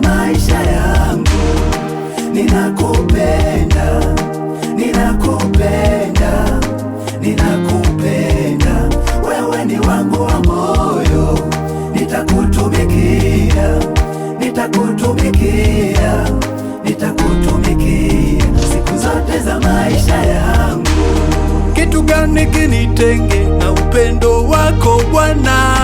maisha yangu, ninakupenda, ninakupenda, ninakupenda, wewe ni wangu wa moyo, nitakutumikia, nitakutumikia, nitakutumikia siku zote za maisha yangu. Kitu gani kinitenge na upendo wako Bwana?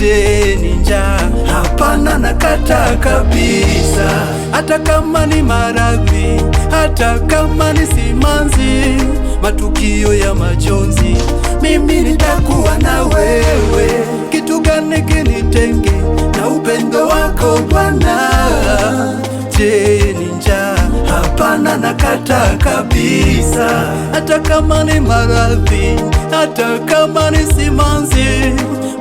yote ni njaa. Hapana, kata kabisa, hata kama ni maradhi, hata kama ni simanzi, matukio ya majonzi, mimi nitakuwa na wewe. Kitu gani kinitenge na upendo wako Bwana? Je, ni njaa? Hapana, kata kabisa, hata kama ni maradhi, hata kama ni simanzi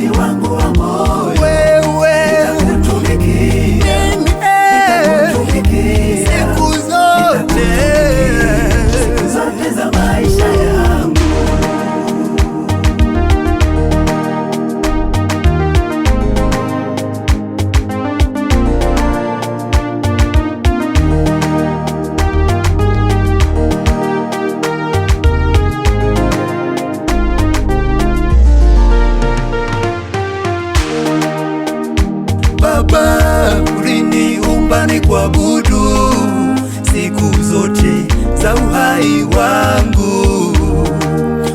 moyoni wangu wa moyo Baba, uliniumba ni kuabudu siku zote za uhai wangu,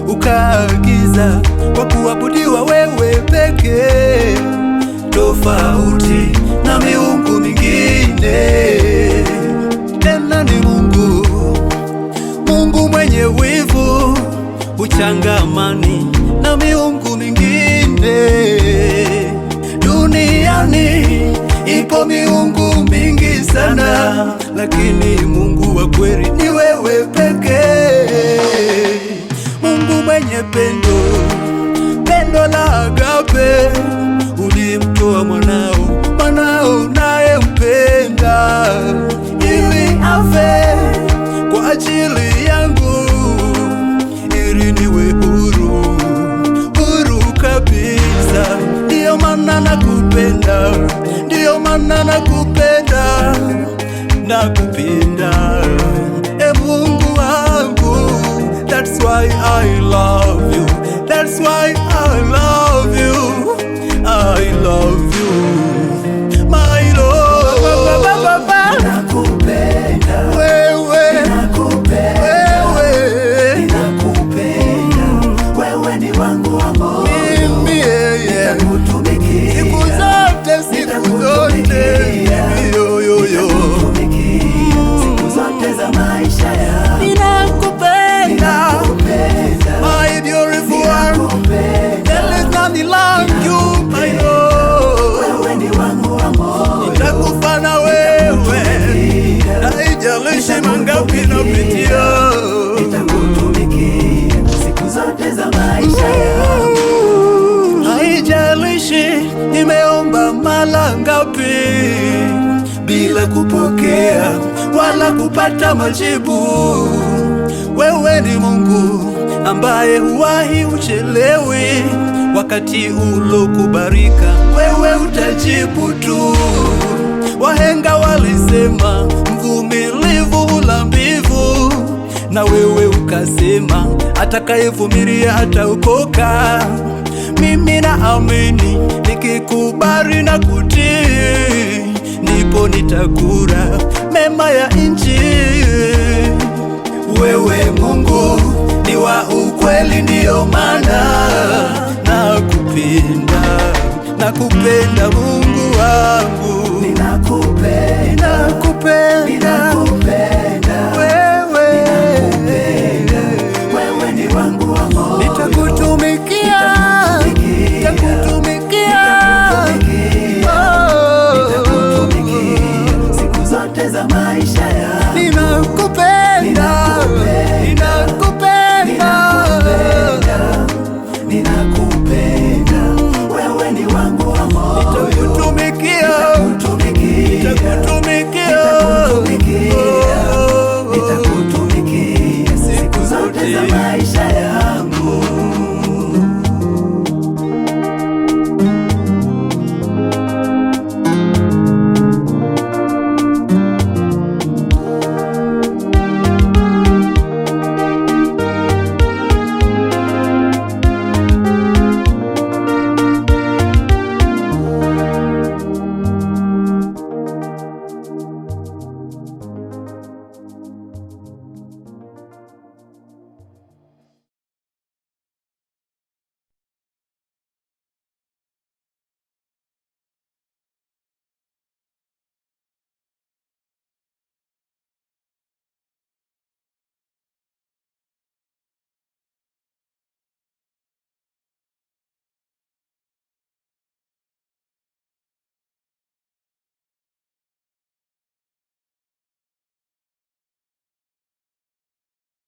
ukaagiza kwa kuabudiwa wewe pekee, tofauti na miungu mingine. Tena ni Mungu, Mungu mwenye wivu, uchangamani lakini Mungu wa kweli ni wewe pekee, Mungu mwenye pendo, pendo la agape. Ulimtoa mwanao, mwanao naye mpenda ili afe kwa ajili wapi bila kupokea wala kupata majibu. Wewe ni Mungu ambaye huwahi, uchelewi Wakati ulokubarika wewe utajibu tu. Wahenga walisema mvumilivu hula mbivu, na wewe ukasema atakayevumilia ataokoka mimi na amini nikikubali na kutii, nipo nitakura mema ya nchi. Wewe Mungu ni wa ukweli, ndiyo maana nakupenda, nakupenda Mungu wangu, ninakupenda, ninakupenda maisha yangu, ninakupenda, ninakupenda.